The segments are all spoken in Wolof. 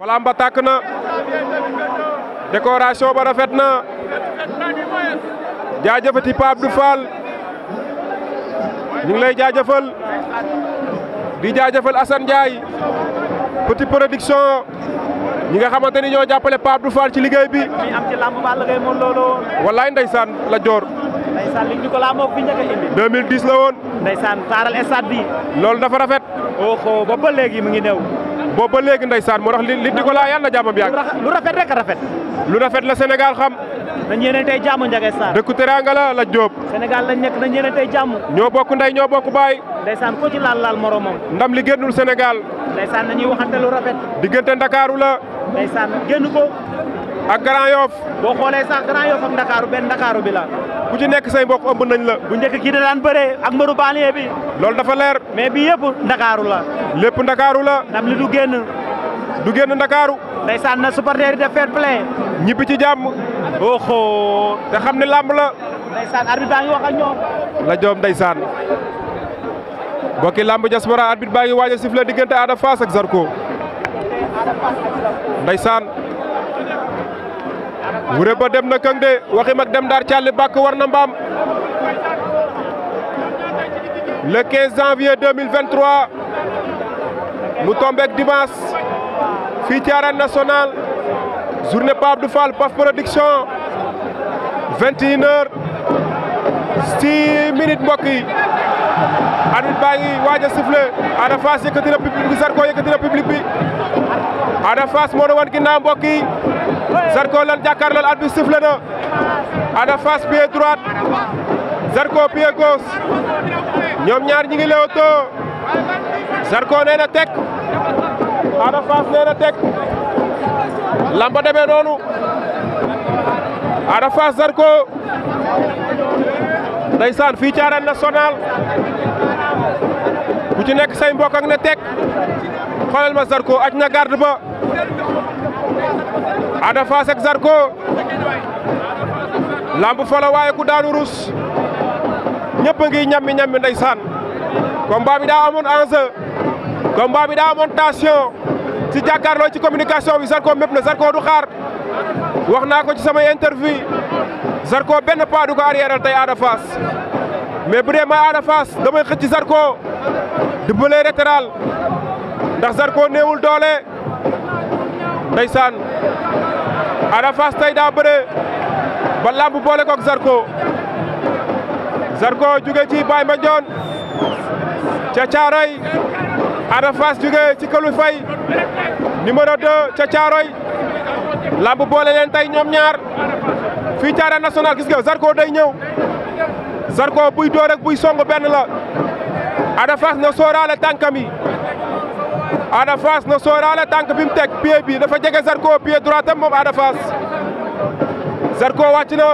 falaam ba tàkk na décoration ba rafet na jaajëfati Pape du Fall ñu ngi lay jaajëfal di jaajëfal Assane Ndiaye petit production ñi nga xamante ni ñoo jàppale Pape du Fall ci liggéey bi. mi am ci lamb wallaay ndeysaan la joor. ndeysaan liñ ñu ko la moog fi njëkk a indi. 2010 la woon. ndeysaan taaral stade bi. loolu dafa rafet. oh ba ba léegi mu ngi néew. boobu ba ndey ndeysaan moo tax li li Nicolas yàlla na jàmmam yàgg. lu rafet rek rafet. lu rafet la Sénégal xam. dañ yéene tey jàmm Ndiaga Sarr. dëkku teranga la la Diop. Sénégal lañ nekk na yéene tey jàmm. ñoo bokk ndey ñoo bokk baay. ndeysaan ko ci laal laal moromam. ndam li génnul Sénégal. ndeysaan dañuy waxante lu rafet. diggante Ndakaaru la. ndeysaan génn ko. ak Grand Yoff. boo xoolee sax Grand Yoff ak Ndakaaru benn Ndakaaru bi la ku ci nekk say mbokk ëmb nañ la. bu njëkk kii da daan bëree ak mbëru banlieue bi. loolu dafa leer. mais bi yëpp ndakaaru la. lépp ndakaaru la. ndam li du génn. du génn ndakaaru. ndeysaan na supporter yi def fair ñibbi ci jàmm. oho te xam ne làmb la. ndeysaan arbitre baa ngi wax ak ñoom. la joom ndeysaan. bokki làmb diaspora arbitre baa ngi waaj a siffler diggante Ada Fass ak Zarko. ndeysaan. le 15 janvier 2023 mu tombons dimanche National, ci arène journée Pape Abdou Fall Paf production 21 h 6 minutes mbokk arbitre baa ngi waaj a sifflé Ada Fass yëkkati ki public bi Zarko yëkkati na public Ada Fass moo na Ada Fass pied droite Zarko pied gauche ñoom ñaar ñi ngi leewtoo Zarko nee na tek Ada Fass nee na tek lamba demee noonu Ada Fass Zarko ndeysaan fii ci arène nationale bu ci nekk say mbokk ak na teg xoolal ma Zarko aj na garde ba Ada Fass ak Zarko lamb folo waaye ku daanu rus ñëpp a ngi ñammi ñammi ndeysaan combat bi daa amoon enjeu combat bi daa amoon tension ci jàkkaarloo ci communication bi Zarko mépp na Zarko du xaar wax naa ko ci samay interview Zarko benn pas du ko arrière tey Ada Fass mais bu dee may Ada Fass damay xëcc Zarko di bëlee latéral ndax Zarko néewul doole ndeysaan Ada Fass tey ba làmb boole koog Zarko Zarko jóge ci Baye Mandione ca Caaroy Ada Fass ci Kalu Fay numéro 2 ca Caaroy làmb boole leen tey ñoom ñaar fii ci Arène Nationale gis nga Zarko day ñëw Zarko buy door buy song benn la Ada Fass na sóoraale tànkam yi Ada Fass na sóoraale tànk bi mu tek pied bi dafa jege Zarko pied droit am moom Ada Fass Zarko wàcc na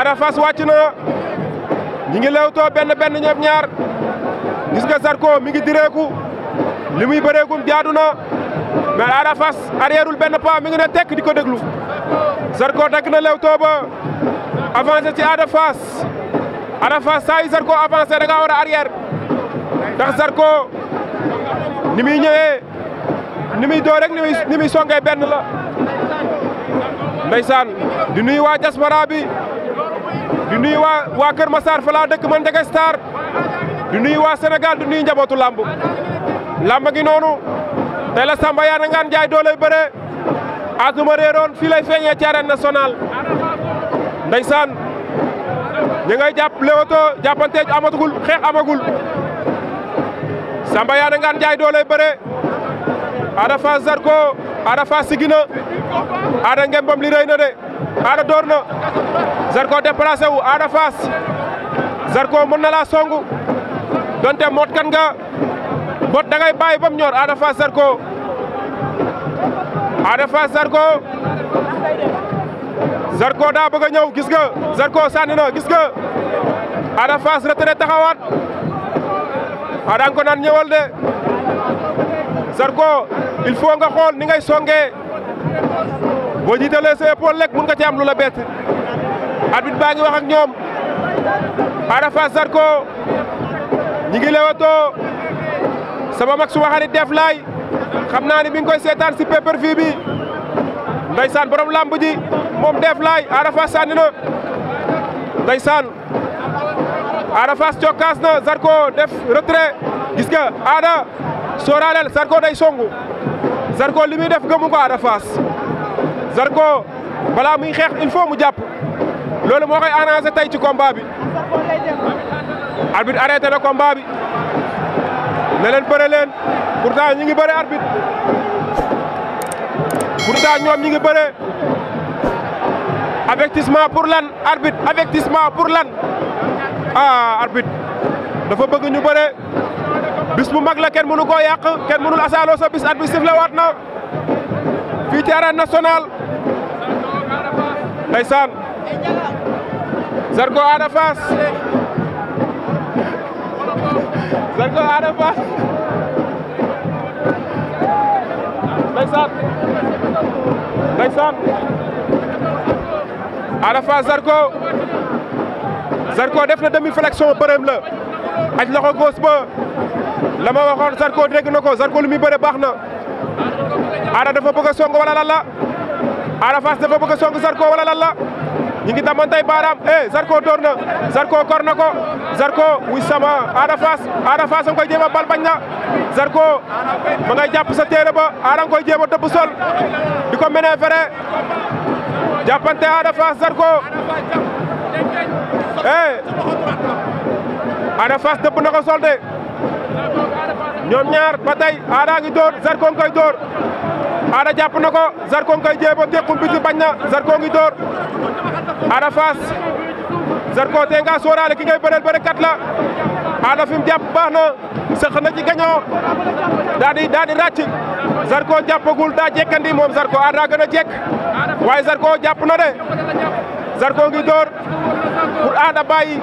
Ada Fass na ñi ngi lewtoo benn benn ñoom ñaar gis nga Zarko mi ngi direeku li muy bëreegum jaadu na mais Ada Fass arrièreul benn pas mi ngi ne tekk di ko déglu Zarko dagg na lewtoo ba avancé ci Ada Fass Ada Fass saa yu war a arrière ndax Zarko ni muy ñëwee muy door rek benn la ndeysaan di nuyu waa diaspora bi di nuyu waa waa Kër Massar fa laa dëkk man Ndege waa Sénégal di nuyu njabootu làmb làmb noonu tey la Samba yaa na ngaan jaay doolay bëre asuma réeroon fii lay feeñee ci ndeysaan ñi ngay jàpp lewoto jàppante amagul xeex amagul Samba Yane Ngane Ndiaye doo lay bëre Ada Fass Zarko Ada Fass siggi Ada ngembam li de Ada door Zarko déplacé wu Ada Fass Zarko mën na songu donte mot kan nga mot da ngay bàyyi ba Ada Fass Zarko Ada Fass Zarko Zarko daa bëgg a ñëw gis nga Zarko sànni na gis nga Ada Fass retraité taxawaat Ada ko naan ñëwal de Zarko il faut nga xool ni ngay songee boo jiitalee lek mun nga ci am lu la bett arbitre baa ngi ñoom Ada Fass Zarko ñi ngi lewatoo sama mag suma xarit def laay xam naa ni mi ngi koy seetaan si pay-per-view bi ndeysaan borom làmb moom Def Laay Ada Fass sànni na ndeysaan na Zarko def retrait gis nga Ada sooraaleel Zarko day songu Zarko li muy def gëmu ko Ada Zarko balaa xeex il faut mu jàpp loolu moo koy arrangé tey ci combat bi arbitre arrêté na combat bi ne leen bëre leen ñi ngi bëre arbitre pourtant ñoom ñi ngi bëre avertissement pour lan arbitre avertissement pour lan ah arbitre dafa bëgg ñu bëre bis bu mag la kenn mënu koo yàq kenn mënul asaaloo sa bis arbitre sifle waat na fii ci arène nationale ndeysaan Zarko Ada Fass Zarko Ada Fass ndeysaan Ada Fass Zarko Zarko def na demi flexion bërëm la aj loxo góos ba la ma Zarko dégg na Zarko lu muy bëre baax na Ada dafa bëgg a song wala Ada Fass dafa bëgg a Zarko wala lan la ñu ngi damantay baaraam eh Zarko door na Zarko kor na ko Zarko wuy sama Ada Fass Ada Fass nga koy na Zarko ma ngay jàpp sa ba Ada nga koy jéem sol di ko menee fere jàppante Ada Fass Zarko eh Ada Fass dëpp na ko solde ñoom ñaar ba tey Ada ngi dóor Zarko ngi koy dóor Ada jàpp na ko Zarko ngi Zarko ngi dóor Ada ki ngay bëreel bëre kat la Ada fi mu jàpp baax na sëq na ci gañoo daa di daa di ràcc Zarko jàppagul daa jekkandi moom Zarko Ada gën a jekk waaye Zarko jàpp na de Zarko ngi door pour Ada bàyyi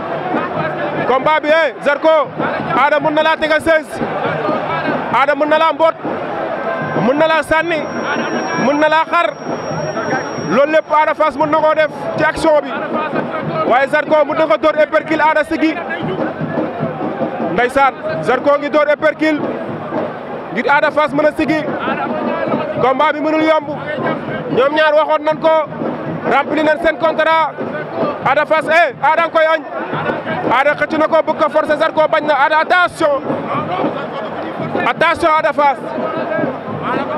combat bi eh Zarko Ada mun na laa tegal sees Ada mun na laa mboot mun na sànni mun na laa xar loolu lépp Ada Fass mun na koo def ci action bi waaye Zarko mun na ko door épercule Ada sigi ndeysaan Zarko ngi door épercule ngir Ada Fass mën a sigi combat bi mënul yomb ñoom ñaar waxoon nan ko rempli nañ seen Ada Fass eh Ada koy añ Ada xëcc na ko bëgg ko forcer Zarko bañ na Ada attention attention Ada Fass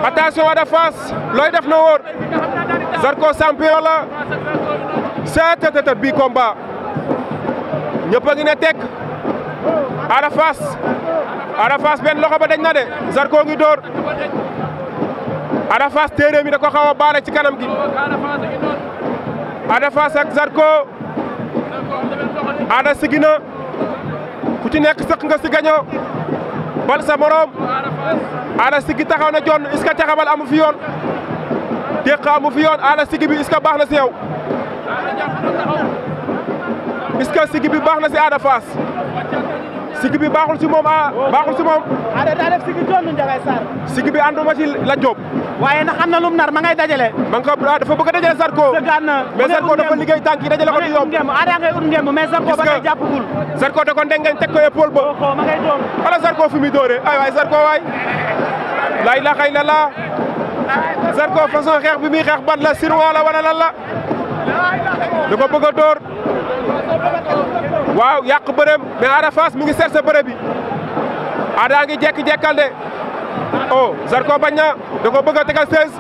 attention Ada Fass looy def na wóor Zarko champion la seet bii combat ñëpp a ngi ne tekk Ada Fass Ada benn loxo ba dañ na de Zarko ngi door Ada Fass téere mi da ko xaw a baale ci kanam gi Ada Fass ak Zarko Ada sigi na ku ci nekk sëq nga si gaño bal sa morom Ada sigi taxaw na jonn est que caxabal amu fi yoon déq amu fi yoon Ada sigi bi est-ce baax na si yow est-ce que bi baax na si Ada sigi bi baaxul si moom ah baaxul si moom. ah daa def sigi bi ànduma si la Diop. waaye na xam na lum nar ma ngay dajale. ma nga ko ah, bëgg a dajale Sarko. dëggaan na mais Sarko dafa liggéey tànk yi dajale ko di yomb. ah daa ngay ut ngeem mais Sarko ba ngay jàppagul. Sarko da ko ndengeñ teg ko épaule ba. Oh, oh, ma ngay doon. wala Sarko fi muy dóoree ay waay Sarko waay. la ilaha illallah. Sarko façon xeex bi muy xeex ban la sinuwaa la wala lan la. da ko bëgg a dóor. waaw ya bërëm mais Ada Fass mu ngi seet sa bi Ada ngi jek jekal de oh Zarko bagna da ko beug tegal sees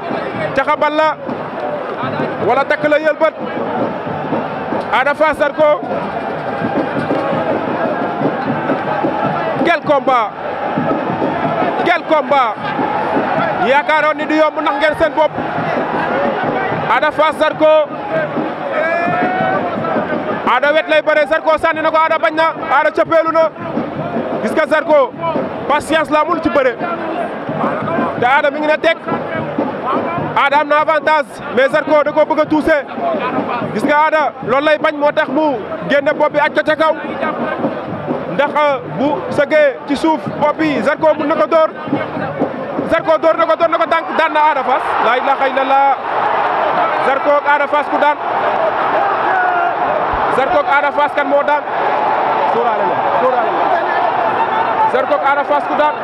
caxabal la wala tak la Ada Fass Zarko quel combat quel combat yaakaaroon ni du yomb nax ngeen sen bop Ada Fass Zarko Ada wet lay bëre Zarko sànni na ko Ada bañ na Ada cëppeelu na gis nga Zarko patience la amul ci bëre te Ada mi na ne teg Ada am na avantage mais Zarko da koo bëgg a tuuse gis nga Ada loolu lay bañ moo tax mu génne bopp bi aj ko ca kaw ndax euh, bu sëggee ci suuf bopp bi Zarko mun na ko Zarko dóor na ko dóor na ko tànk daan na Ada Fass laa ilaaha illallaah Zarko ak Ada Fass ku daan Zarko ak Ada Fass kan moo daan sóoraale la sóoraale la Zarko ak Ada Fass ku daan